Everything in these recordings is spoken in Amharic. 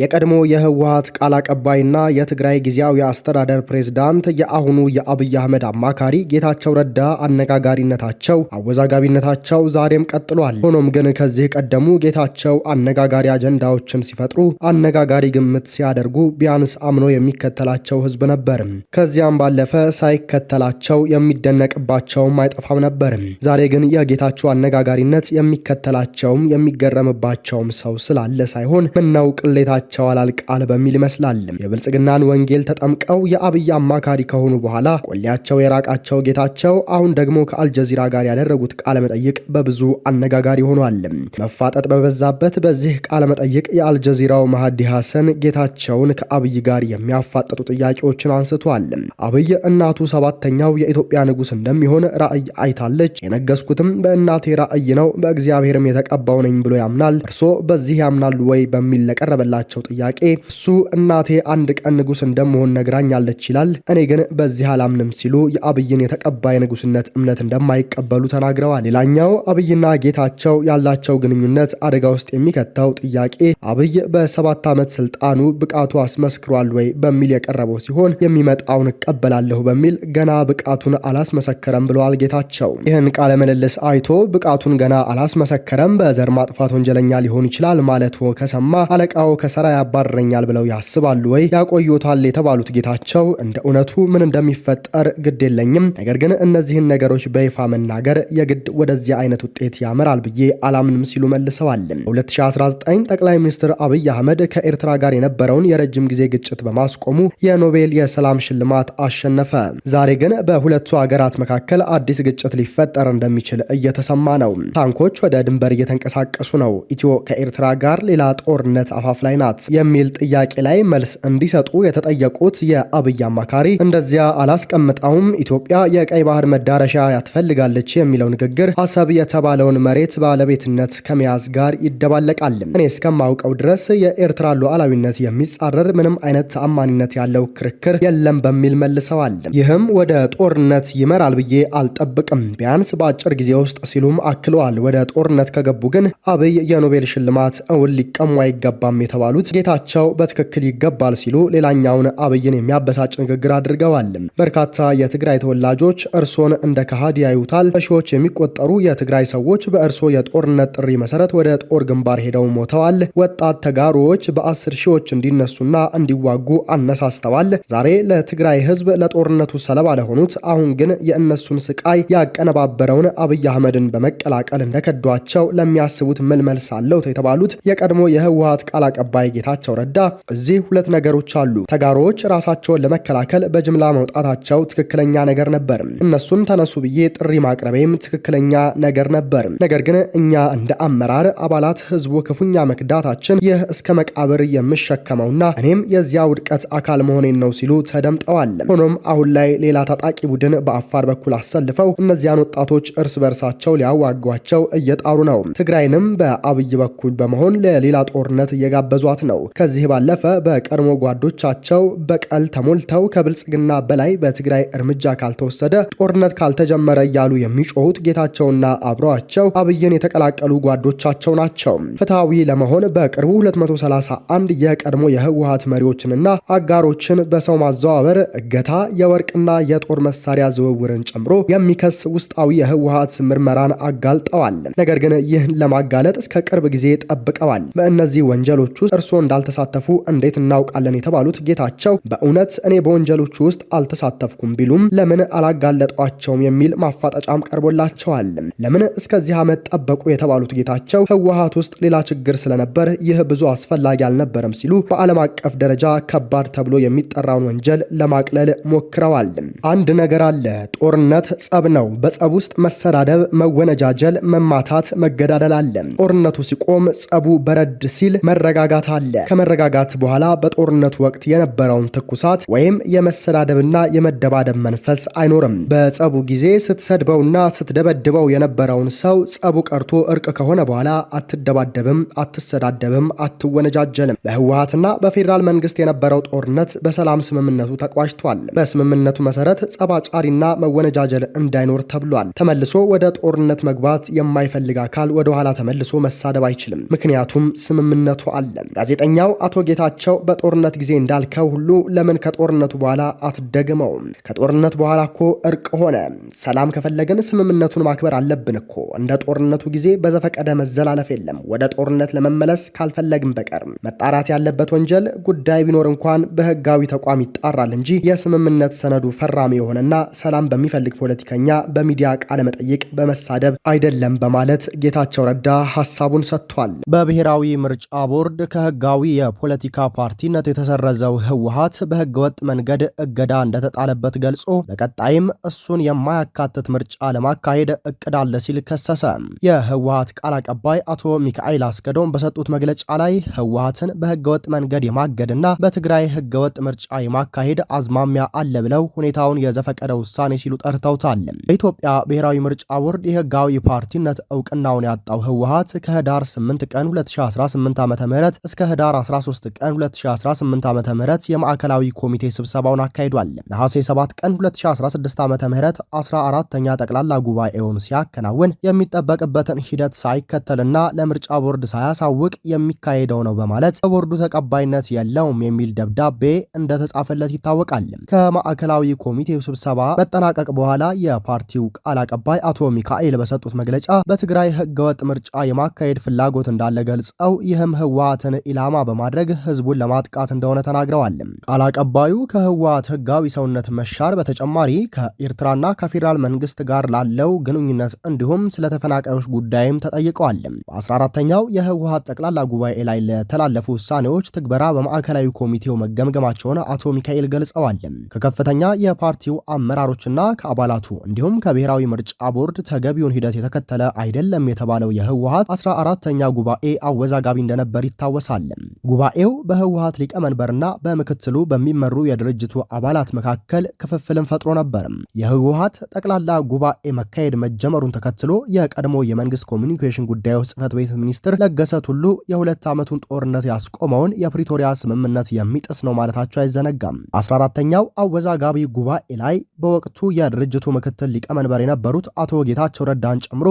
የቀድሞ የህወሀት ቃል አቀባይና የትግራይ ጊዜያዊ አስተዳደር ፕሬዝዳንት የአሁኑ የአብይ አህመድ አማካሪ ጌታቸው ረዳ አነጋጋሪነታቸው፣ አወዛጋቢነታቸው ዛሬም ቀጥሏል። ሆኖም ግን ከዚህ ቀደሙ ጌታቸው አነጋጋሪ አጀንዳዎችን ሲፈጥሩ፣ አነጋጋሪ ግምት ሲያደርጉ ቢያንስ አምኖ የሚከተላቸው ህዝብ ነበርም። ከዚያም ባለፈ ሳይከተላቸው የሚደነቅባቸውም አይጠፋም ነበርም። ዛሬ ግን የጌታቸው አነጋጋሪነት የሚከተላቸውም የሚገረምባቸውም ሰው ስላለ ሳይሆን ምነው ቅሌታ ይገባቸዋል ቃል በሚል ይመስላል። የብልጽግናን ወንጌል ተጠምቀው የአብይ አማካሪ ከሆኑ በኋላ ቆሌያቸው የራቃቸው ጌታቸው አሁን ደግሞ ከአልጀዚራ ጋር ያደረጉት ቃለ መጠይቅ በብዙ አነጋጋሪ ሆኗል። መፋጠጥ በበዛበት በዚህ ቃለ መጠይቅ የአልጀዚራው ማህዲ ሐሰን ጌታቸውን ከአብይ ጋር የሚያፋጠጡ ጥያቄዎችን አንስቷል። አብይ እናቱ ሰባተኛው የኢትዮጵያ ንጉስ እንደሚሆን ራእይ አይታለች። የነገስኩትም በእናቴ ራእይ ነው፣ በእግዚአብሔርም የተቀባው ነኝ ብሎ ያምናል። እርሶ በዚህ ያምናሉ ወይ በሚል ለቀረበላቸው ለቀረበላቸው ጥያቄ እሱ እናቴ አንድ ቀን ንጉስ እንደመሆን ነግራኛለች ይላል። እኔ ግን በዚህ አላምንም ሲሉ የአብይን የተቀባይ ንጉስነት እምነት እንደማይቀበሉ ተናግረዋል። ሌላኛው አብይና ጌታቸው ያላቸው ግንኙነት አደጋ ውስጥ የሚከተው ጥያቄ አብይ በሰባት ዓመት ስልጣኑ ብቃቱ አስመስክሯል ወይ በሚል የቀረበው ሲሆን የሚመጣውን እቀበላለሁ በሚል ገና ብቃቱን አላስመሰከረም ብለዋል ጌታቸው። ይህን ቃለ ምልልስ አይቶ ብቃቱን ገና አላስመሰከረም፣ በዘር ማጥፋት ወንጀለኛ ሊሆን ይችላል ማለቱ ከሰማ አለቃው ከሰ ከስራ ያባረኛል ብለው ያስባሉ ወይ? ያቆዩታል የተባሉት ጌታቸው እንደ እውነቱ ምን እንደሚፈጠር ግድ የለኝም፣ ነገር ግን እነዚህን ነገሮች በይፋ መናገር የግድ ወደዚህ አይነት ውጤት ያመራል ብዬ አላምንም ሲሉ መልሰዋል። በ2019 ጠቅላይ ሚኒስትር አብይ አህመድ ከኤርትራ ጋር የነበረውን የረጅም ጊዜ ግጭት በማስቆሙ የኖቤል የሰላም ሽልማት አሸነፈ። ዛሬ ግን በሁለቱ ሀገራት መካከል አዲስ ግጭት ሊፈጠር እንደሚችል እየተሰማ ነው። ታንኮች ወደ ድንበር እየተንቀሳቀሱ ነው። ኢትዮ ከኤርትራ ጋር ሌላ ጦርነት አፋፍ ላይ ናት። ናት የሚል ጥያቄ ላይ መልስ እንዲሰጡ የተጠየቁት የአብይ አማካሪ እንደዚያ አላስቀምጣውም ኢትዮጵያ የቀይ ባህር መዳረሻ ያትፈልጋለች የሚለው ንግግር አሰብ የተባለውን መሬት ባለቤትነት ከመያዝ ጋር ይደባለቃል። እኔ እስከማውቀው ድረስ የኤርትራ ሉዓላዊነት የሚጻረር ምንም አይነት ተአማኒነት ያለው ክርክር የለም በሚል መልሰዋል። ይህም ወደ ጦርነት ይመራል ብዬ አልጠብቅም፣ ቢያንስ በአጭር ጊዜ ውስጥ ሲሉም አክለዋል። ወደ ጦርነት ከገቡ ግን አብይ የኖቤል ሽልማት እውን ሊቀሙ አይገባም የተባሉት ያሉት ጌታቸው በትክክል ይገባል ሲሉ ሌላኛውን አብይን የሚያበሳጭ ንግግር አድርገዋል። በርካታ የትግራይ ተወላጆች እርሶን እንደ ካሃድ ያዩታል። በሺዎች የሚቆጠሩ የትግራይ ሰዎች በእርሶ የጦርነት ጥሪ መሰረት ወደ ጦር ግንባር ሄደው ሞተዋል። ወጣት ተጋሮዎች በአስር ሺዎች እንዲነሱና እንዲዋጉ አነሳስተዋል። ዛሬ ለትግራይ ሕዝብ ለጦርነቱ ሰለባ ለሆኑት አሁን ግን የእነሱን ስቃይ ያቀነባበረውን አብይ አህመድን በመቀላቀል እንደከዷቸው ለሚያስቡት መልመልስ አለውት የተባሉት የቀድሞ የህወሀት ቃል አቀባይ ጌታቸው ረዳ እዚህ ሁለት ነገሮች አሉ። ተጋሮዎች ራሳቸውን ለመከላከል በጅምላ መውጣታቸው ትክክለኛ ነገር ነበር። እነሱን ተነሱ ብዬ ጥሪ ማቅረቤም ትክክለኛ ነገር ነበር። ነገር ግን እኛ እንደ አመራር አባላት ህዝቡ ክፉኛ መክዳታችን ይህ እስከ መቃብር የምሸከመውና እኔም የዚያ ውድቀት አካል መሆኔን ነው ሲሉ ተደምጠዋል። ሆኖም አሁን ላይ ሌላ ታጣቂ ቡድን በአፋር በኩል አሰልፈው እነዚያን ወጣቶች እርስ በርሳቸው ሊያዋጓቸው እየጣሩ ነው። ትግራይንም በአብይ በኩል በመሆን ለሌላ ጦርነት እየጋበዟት ነው። ከዚህ ባለፈ በቀድሞ ጓዶቻቸው በቀል ተሞልተው ከብልጽግና በላይ በትግራይ እርምጃ ካልተወሰደ ጦርነት ካልተጀመረ እያሉ የሚጮሁት ጌታቸውና አብረዋቸው አብይን የተቀላቀሉ ጓዶቻቸው ናቸው። ፍትሐዊ ለመሆን በቅርቡ 231 የቀድሞ የህወሀት መሪዎችንና አጋሮችን በሰው ማዘዋወር፣ እገታ፣ የወርቅና የጦር መሳሪያ ዝውውርን ጨምሮ የሚከስ ውስጣዊ የህወሀት ምርመራን አጋልጠዋል። ነገር ግን ይህን ለማጋለጥ እስከ ቅርብ ጊዜ ጠብቀዋል። በእነዚህ ወንጀሎች ውስጥ እርስዎ እንዳልተሳተፉ እንዴት እናውቃለን የተባሉት ጌታቸው በእውነት እኔ በወንጀሎቹ ውስጥ አልተሳተፍኩም ቢሉም ለምን አላጋለጧቸውም የሚል ማፋጠጫም ቀርቦላቸዋል። ለምን እስከዚህ ዓመት ጠበቁ የተባሉት ጌታቸው ህወሀት ውስጥ ሌላ ችግር ስለነበር ይህ ብዙ አስፈላጊ አልነበረም ሲሉ በዓለም አቀፍ ደረጃ ከባድ ተብሎ የሚጠራውን ወንጀል ለማቅለል ሞክረዋል። አንድ ነገር አለ። ጦርነት ጸብ ነው። በጸብ ውስጥ መሰዳደብ፣ መወነጃጀል፣ መማታት፣ መገዳደል አለ። ጦርነቱ ሲቆም ጸቡ በረድ ሲል መረጋጋት አለ። ከመረጋጋት በኋላ በጦርነቱ ወቅት የነበረውን ትኩሳት ወይም የመሰዳደብና የመደባደብ መንፈስ አይኖርም። በጸቡ ጊዜ ስትሰድበውና ስትደበድበው የነበረውን ሰው ጸቡ ቀርቶ እርቅ ከሆነ በኋላ አትደባደብም፣ አትሰዳደብም፣ አትወነጃጀልም። በህወሀትና በፌዴራል መንግስት የነበረው ጦርነት በሰላም ስምምነቱ ተቋጭቷል። በስምምነቱ መሰረት ጸባጫሪና መወነጃጀል እንዳይኖር ተብሏል። ተመልሶ ወደ ጦርነት መግባት የማይፈልግ አካል ወደኋላ ተመልሶ መሳደብ አይችልም፣ ምክንያቱም ስምምነቱ አለ። ጋዜጠኛው አቶ ጌታቸው በጦርነት ጊዜ እንዳልከው ሁሉ ለምን ከጦርነቱ በኋላ አትደግመውም? ከጦርነት በኋላ እኮ እርቅ ሆነ። ሰላም ከፈለግን ስምምነቱን ማክበር አለብን እኮ። እንደ ጦርነቱ ጊዜ በዘፈቀደ መዘላለፍ የለም። ወደ ጦርነት ለመመለስ ካልፈለግን በቀር መጣራት ያለበት ወንጀል ጉዳይ ቢኖር እንኳን በህጋዊ ተቋም ይጣራል እንጂ የስምምነት ሰነዱ ፈራሚ የሆነና ሰላም በሚፈልግ ፖለቲከኛ በሚዲያ ቃለ መጠይቅ በመሳደብ አይደለም በማለት ጌታቸው ረዳ ሀሳቡን ሰጥቷል። በብሔራዊ ምርጫ ቦርድ ከህ ህጋዊ የፖለቲካ ፓርቲነት የተሰረዘው ህወሀት በህገወጥ መንገድ እገዳ እንደተጣለበት ገልጾ በቀጣይም እሱን የማያካትት ምርጫ ለማካሄድ እቅድ አለ ሲል ከሰሰ። የህወሀት ቃል አቀባይ አቶ ሚካኤል አስገዶም በሰጡት መግለጫ ላይ ህወሀትን በህገወጥ መንገድ የማገድና በትግራይ ህገወጥ ምርጫ የማካሄድ አዝማሚያ አለ ብለው ሁኔታውን የዘፈቀደ ውሳኔ ሲሉ ጠርተውታል። በኢትዮጵያ ብሔራዊ ምርጫ ቦርድ የህጋዊ ፓርቲነት እውቅናውን ያጣው ህወሀት ከህዳር 8 ቀን 2018 ዓ ም እስከ ከህዳር 13 ቀን 2018 ዓ ም የማዕከላዊ ኮሚቴ ስብሰባውን አካሂዷል። ነሐሴ 7 ቀን 2016 ዓ ም 14ተኛ ጠቅላላ ጉባኤውን ሲያከናውን የሚጠበቅበትን ሂደት ሳይከተልና ለምርጫ ቦርድ ሳያሳውቅ የሚካሄደው ነው በማለት በቦርዱ ተቀባይነት የለውም የሚል ደብዳቤ እንደተጻፈለት ይታወቃል። ከማዕከላዊ ኮሚቴው ስብሰባ መጠናቀቅ በኋላ የፓርቲው ቃል አቀባይ አቶ ሚካኤል በሰጡት መግለጫ በትግራይ ህገወጥ ምርጫ የማካሄድ ፍላጎት እንዳለ ገልጸው ይህም ህወሓትን ኢላማ በማድረግ ህዝቡን ለማጥቃት እንደሆነ ተናግረዋል። ቃል አቀባዩ ከህወሓት ህጋዊ ሰውነት መሻር በተጨማሪ ከኤርትራና ከፌዴራል መንግስት ጋር ላለው ግንኙነት እንዲሁም ስለ ተፈናቃዮች ጉዳይም ተጠይቀዋል። በ14ተኛው የህወሓት ጠቅላላ ጉባኤ ላይ ለተላለፉ ውሳኔዎች ትግበራ በማዕከላዊ ኮሚቴው መገምገማቸውን አቶ ሚካኤል ገልጸዋል። ከከፍተኛ የፓርቲው አመራሮችና ከአባላቱ እንዲሁም ከብሔራዊ ምርጫ ቦርድ ተገቢውን ሂደት የተከተለ አይደለም የተባለው የህወሓት 14ተኛ ጉባኤ አወዛጋቢ እንደነበር ይታወሳል። ተናግረዋል። ጉባኤው በህወሀት ሊቀመንበርና በምክትሉ በሚመሩ የድርጅቱ አባላት መካከል ክፍፍልን ፈጥሮ ነበር። የህወሀት ጠቅላላ ጉባኤ መካሄድ መጀመሩን ተከትሎ የቀድሞ የመንግስት ኮሚኒኬሽን ጉዳዮች ጽህፈት ቤት ሚኒስትር ለገሰ ቱሉ የሁለት ዓመቱን ጦርነት ያስቆመውን የፕሪቶሪያ ስምምነት የሚጥስ ነው ማለታቸው አይዘነጋም። አስራ አራተኛው አወዛጋቢ ጉባኤ ላይ በወቅቱ የድርጅቱ ምክትል ሊቀመንበር የነበሩት አቶ ጌታቸው ረዳን ጨምሮ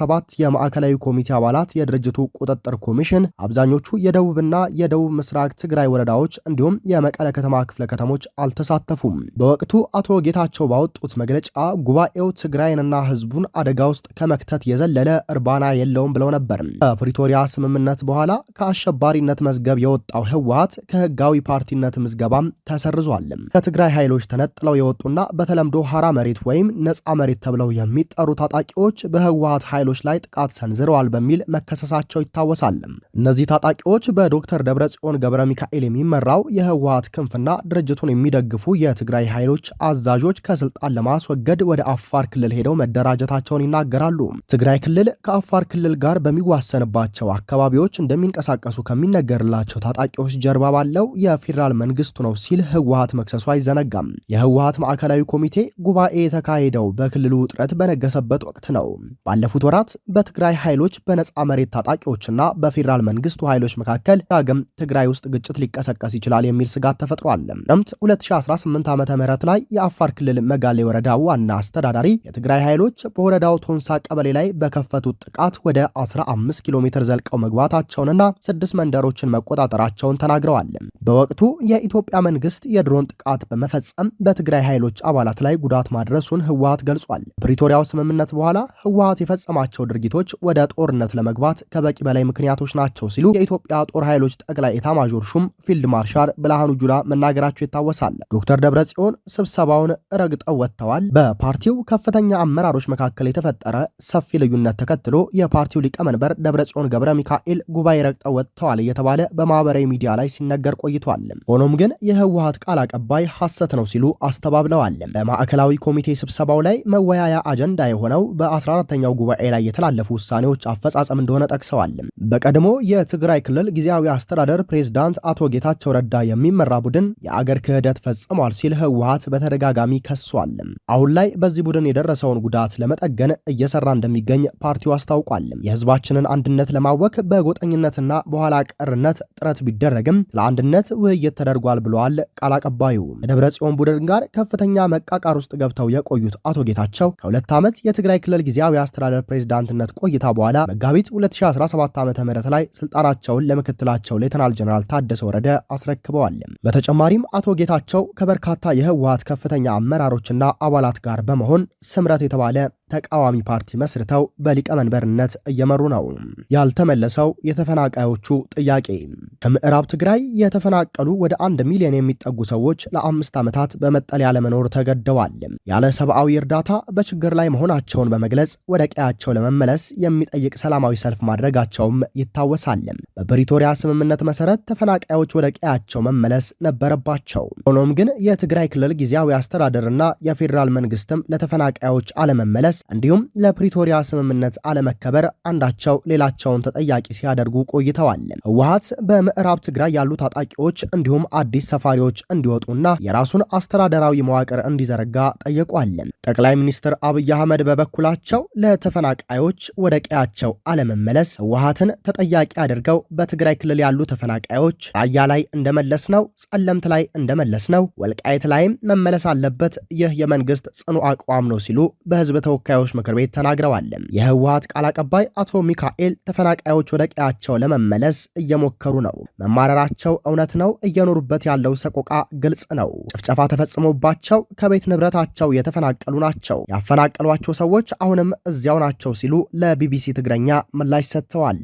ሰባት የማዕከላዊ ኮሚቴ አባላት፣ የድርጅቱ ቁጥጥር ኮሚሽን፣ አብዛኞቹ የደቡብ የደቡብና የደቡብ ምስራቅ ትግራይ ወረዳዎች እንዲሁም የመቀለ ከተማ ክፍለ ከተሞች አልተሳተፉም። በወቅቱ አቶ ጌታቸው ባወጡት መግለጫ ጉባኤው ትግራይንና ህዝቡን አደጋ ውስጥ ከመክተት የዘለለ እርባና የለውም ብለው ነበር። ከፕሪቶሪያ ስምምነት በኋላ ከአሸባሪነት መዝገብ የወጣው ህወሀት ከህጋዊ ፓርቲነት ምዝገባም ተሰርዟል። ከትግራይ ኃይሎች ተነጥለው የወጡና በተለምዶ ሀራ መሬት ወይም ነፃ መሬት ተብለው የሚጠሩ ታጣቂዎች በህወሀት ኃይሎች ላይ ጥቃት ሰንዝረዋል በሚል መከሰሳቸው ይታወሳል። እነዚህ ታጣቂዎች በዶክተር ደብረጽዮን ገብረ ሚካኤል የሚመራው የህወሀት ክንፍና ድርጅቱን የሚደግፉ የትግራይ ኃይሎች አዛዦች ከስልጣን ለማስወገድ ወደ አፋር ክልል ሄደው መደራጀታቸውን ይናገራሉ። ትግራይ ክልል ከአፋር ክልል ጋር በሚዋሰንባቸው አካባቢዎች እንደሚንቀሳቀሱ ከሚነገርላቸው ታጣቂዎች ጀርባ ባለው የፌዴራል መንግስቱ ነው ሲል ህወሀት መክሰሱ አይዘነጋም። የህወሀት ማዕከላዊ ኮሚቴ ጉባኤ የተካሄደው በክልሉ ውጥረት በነገሰበት ወቅት ነው። ባለፉት ወራት በትግራይ ኃይሎች በነፃ መሬት ታጣቂዎችና በፌዴራል መንግስቱ ኃይሎች መካከል መካከል ዳግም ትግራይ ውስጥ ግጭት ሊቀሰቀስ ይችላል የሚል ስጋት ተፈጥሯል። ጥቅምት 2018 ዓ ም ላይ የአፋር ክልል መጋሌ ወረዳ ዋና አስተዳዳሪ የትግራይ ኃይሎች በወረዳው ቶንሳ ቀበሌ ላይ በከፈቱት ጥቃት ወደ 15 ኪሎ ሜትር ዘልቀው መግባታቸውንና ስድስት መንደሮችን መቆጣጠራቸውን ተናግረዋል። በወቅቱ የኢትዮጵያ መንግስት የድሮን ጥቃት በመፈጸም በትግራይ ኃይሎች አባላት ላይ ጉዳት ማድረሱን ህወሀት ገልጿል። ፕሪቶሪያው ስምምነት በኋላ ህወሀት የፈጸማቸው ድርጊቶች ወደ ጦርነት ለመግባት ከበቂ በላይ ምክንያቶች ናቸው ሲሉ የኢትዮጵያ ጦር ኃይሎች ጠቅላይ ኤታማዦር ሹም ፊልድ ማርሻል ብርሃኑ ጁላ መናገራቸው ይታወሳል። ዶክተር ደብረ ጽዮን ስብሰባውን ረግጠው ወጥተዋል። በፓርቲው ከፍተኛ አመራሮች መካከል የተፈጠረ ሰፊ ልዩነት ተከትሎ የፓርቲው ሊቀመንበር ደብረ ጽዮን ገብረ ሚካኤል ጉባኤ ረግጠው ወጥተዋል እየተባለ በማህበራዊ ሚዲያ ላይ ሲነገር ቆይቷል። ሆኖም ግን የህወሀት ቃል አቀባይ ሐሰት ነው ሲሉ አስተባብለዋል። በማዕከላዊ ኮሚቴ ስብሰባው ላይ መወያያ አጀንዳ የሆነው በ14ተኛው ጉባኤ ላይ የተላለፉ ውሳኔዎች አፈጻጸም እንደሆነ ጠቅሰዋል። በቀድሞ የትግራይ ክልል ጊዜያዊ አስተዳደር ፕሬዝዳንት አቶ ጌታቸው ረዳ የሚመራ ቡድን የአገር ክህደት ፈጽሟል ሲል ህወሀት በተደጋጋሚ ከሷል። አሁን ላይ በዚህ ቡድን የደረሰውን ጉዳት ለመጠገን እየሰራ እንደሚገኝ ፓርቲው አስታውቋል። የህዝባችንን አንድነት ለማወክ በጎጠኝነትና በኋላ ቀርነት ጥረት ቢደረግም ለአንድነት ውይይት ተደርጓል ብለዋል ቃል አቀባዩ። ከደብረ ጽዮን ቡድን ጋር ከፍተኛ መቃቃር ውስጥ ገብተው የቆዩት አቶ ጌታቸው ከሁለት ዓመት የትግራይ ክልል ጊዜያዊ አስተዳደር ፕሬዝዳንትነት ቆይታ በኋላ መጋቢት 2017 ዓ ም ላይ ስልጣናቸውን ለምክር ምክትላቸው ሌተናል ጀነራል ታደሰ ወረደ አስረክበዋል። በተጨማሪም አቶ ጌታቸው ከበርካታ የህወሀት ከፍተኛ አመራሮችና አባላት ጋር በመሆን ስምረት የተባለ ተቃዋሚ ፓርቲ መስርተው በሊቀመንበርነት እየመሩ ነው። ያልተመለሰው የተፈናቃዮቹ ጥያቄ ከምዕራብ ትግራይ የተፈናቀሉ ወደ አንድ ሚሊዮን የሚጠጉ ሰዎች ለአምስት ዓመታት በመጠለያ ለመኖር ተገደዋል። ያለ ሰብአዊ እርዳታ በችግር ላይ መሆናቸውን በመግለጽ ወደ ቀያቸው ለመመለስ የሚጠይቅ ሰላማዊ ሰልፍ ማድረጋቸውም ይታወሳል። በፕሪቶሪያ በፕሪቶሪያ ስምምነት መሰረት ተፈናቃዮች ወደ ቀያቸው መመለስ ነበረባቸው። ሆኖም ግን የትግራይ ክልል ጊዜያዊ አስተዳደርና የፌዴራል መንግስትም ለተፈናቃዮች አለመመለስ እንዲሁም ለፕሪቶሪያ ስምምነት አለመከበር አንዳቸው ሌላቸውን ተጠያቂ ሲያደርጉ ቆይተዋል። ህወሀት በምዕራብ ትግራይ ያሉ ታጣቂዎች እንዲሁም አዲስ ሰፋሪዎች እንዲወጡና የራሱን አስተዳደራዊ መዋቅር እንዲዘረጋ ጠይቋል። ጠቅላይ ሚኒስትር አብይ አህመድ በበኩላቸው ለተፈናቃዮች ወደ ቀያቸው አለመመለስ ህወሀትን ተጠያቂ አድርገው በትግራይ በትግራይ ክልል ያሉ ተፈናቃዮች ራያ ላይ እንደመለስ ነው፣ ጸለምት ላይ እንደመለስ ነው፣ ወልቃየት ላይም መመለስ አለበት። ይህ የመንግስት ጽኑ አቋም ነው ሲሉ በህዝብ ተወካዮች ምክር ቤት ተናግረዋል። የህወሀት ቃል አቀባይ አቶ ሚካኤል ተፈናቃዮች ወደ ቀያቸው ለመመለስ እየሞከሩ ነው። መማረራቸው እውነት ነው። እየኖሩበት ያለው ሰቆቃ ግልጽ ነው። ጭፍጨፋ ተፈጽሞባቸው ከቤት ንብረታቸው የተፈናቀሉ ናቸው። ያፈናቀሏቸው ሰዎች አሁንም እዚያው ናቸው ሲሉ ለቢቢሲ ትግረኛ ምላሽ ሰጥተዋል።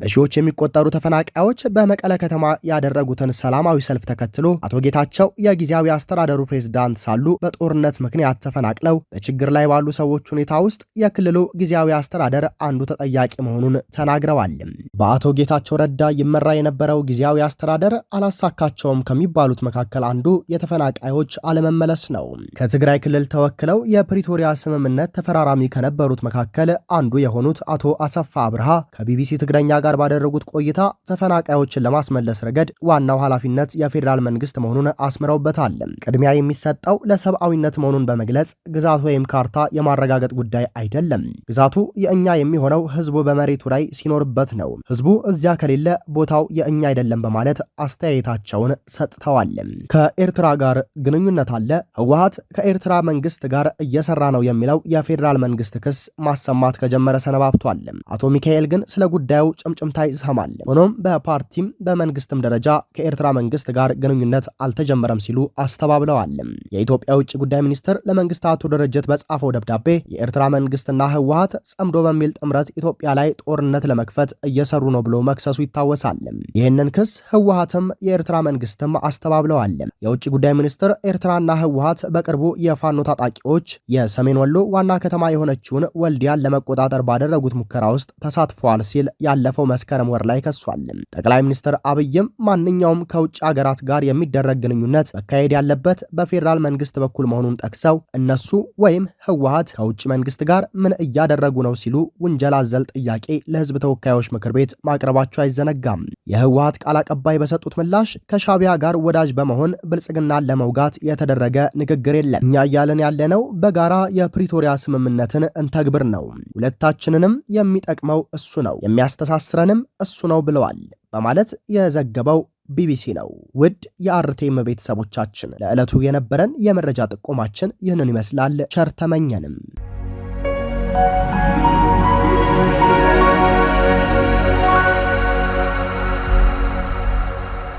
በሺዎች የሚቆጠሩ ተፈናቃ ተፈናቃዮች በመቀለ ከተማ ያደረጉትን ሰላማዊ ሰልፍ ተከትሎ አቶ ጌታቸው የጊዜያዊ አስተዳደሩ ፕሬዝዳንት ሳሉ በጦርነት ምክንያት ተፈናቅለው በችግር ላይ ባሉ ሰዎች ሁኔታ ውስጥ የክልሉ ጊዜያዊ አስተዳደር አንዱ ተጠያቂ መሆኑን ተናግረዋል። በአቶ ጌታቸው ረዳ ይመራ የነበረው ጊዜያዊ አስተዳደር አላሳካቸውም ከሚባሉት መካከል አንዱ የተፈናቃዮች አለመመለስ ነው። ከትግራይ ክልል ተወክለው የፕሪቶሪያ ስምምነት ተፈራራሚ ከነበሩት መካከል አንዱ የሆኑት አቶ አሰፋ አብርሃ ከቢቢሲ ትግረኛ ጋር ባደረጉት ቆይታ ተፈናቃዮችን ለማስመለስ ረገድ ዋናው ኃላፊነት የፌዴራል መንግስት መሆኑን አስምረውበታል። ቅድሚያ የሚሰጠው ለሰብአዊነት መሆኑን በመግለጽ ግዛት ወይም ካርታ የማረጋገጥ ጉዳይ አይደለም። ግዛቱ የእኛ የሚሆነው ህዝቡ በመሬቱ ላይ ሲኖርበት ነው። ህዝቡ እዚያ ከሌለ ቦታው የእኛ አይደለም በማለት አስተያየታቸውን ሰጥተዋል። ከኤርትራ ጋር ግንኙነት አለ፣ ህወሀት ከኤርትራ መንግስት ጋር እየሰራ ነው የሚለው የፌዴራል መንግስት ክስ ማሰማት ከጀመረ ሰነባብቷል። አቶ ሚካኤል ግን ስለ ጉዳዩ ጭምጭምታ ይሰማል። ሆኖም በፓርቲም በመንግስትም ደረጃ ከኤርትራ መንግስት ጋር ግንኙነት አልተጀመረም ሲሉ አስተባብለዋል። የኢትዮጵያ ውጭ ጉዳይ ሚኒስትር ለመንግስታቱ ድርጅት በጻፈው ደብዳቤ የኤርትራ መንግስትና ህወሀት ጸምዶ በሚል ጥምረት ኢትዮጵያ ላይ ጦርነት ለመክፈት እየሰሩ ነው ብሎ መክሰሱ ይታወሳል። ይህንን ክስ ህወሀትም የኤርትራ መንግስትም አስተባብለዋል። የውጭ ጉዳይ ሚኒስትር ኤርትራና ህወሀት በቅርቡ የፋኖ ታጣቂዎች የሰሜን ወሎ ዋና ከተማ የሆነችውን ወልዲያን ለመቆጣጠር ባደረጉት ሙከራ ውስጥ ተሳትፈዋል ሲል ያለፈው መስከረም ወር ላይ ከሷል። ጠቅላይ ሚኒስትር አብይም ማንኛውም ከውጭ ሀገራት ጋር የሚደረግ ግንኙነት መካሄድ ያለበት በፌዴራል መንግስት በኩል መሆኑን ጠቅሰው እነሱ ወይም ህወሀት ከውጭ መንግስት ጋር ምን እያደረጉ ነው ሲሉ ውንጀላ አዘል ጥያቄ ለህዝብ ተወካዮች ምክር ቤት ማቅረባቸው አይዘነጋም። የህወሀት ቃል አቀባይ በሰጡት ምላሽ ከሻቢያ ጋር ወዳጅ በመሆን ብልጽግናን ለመውጋት የተደረገ ንግግር የለም። እኛ እያለን ያለነው በጋራ የፕሪቶሪያ ስምምነትን እንተግብር ነው። ሁለታችንንም የሚጠቅመው እሱ ነው፣ የሚያስተሳስረንም እሱ ነው ብለዋል። በማለት የዘገበው ቢቢሲ ነው። ውድ የአርቴም ቤተሰቦቻችን ለዕለቱ የነበረን የመረጃ ጥቆማችን ይህንን ይመስላል። ቸር ተመኘንም።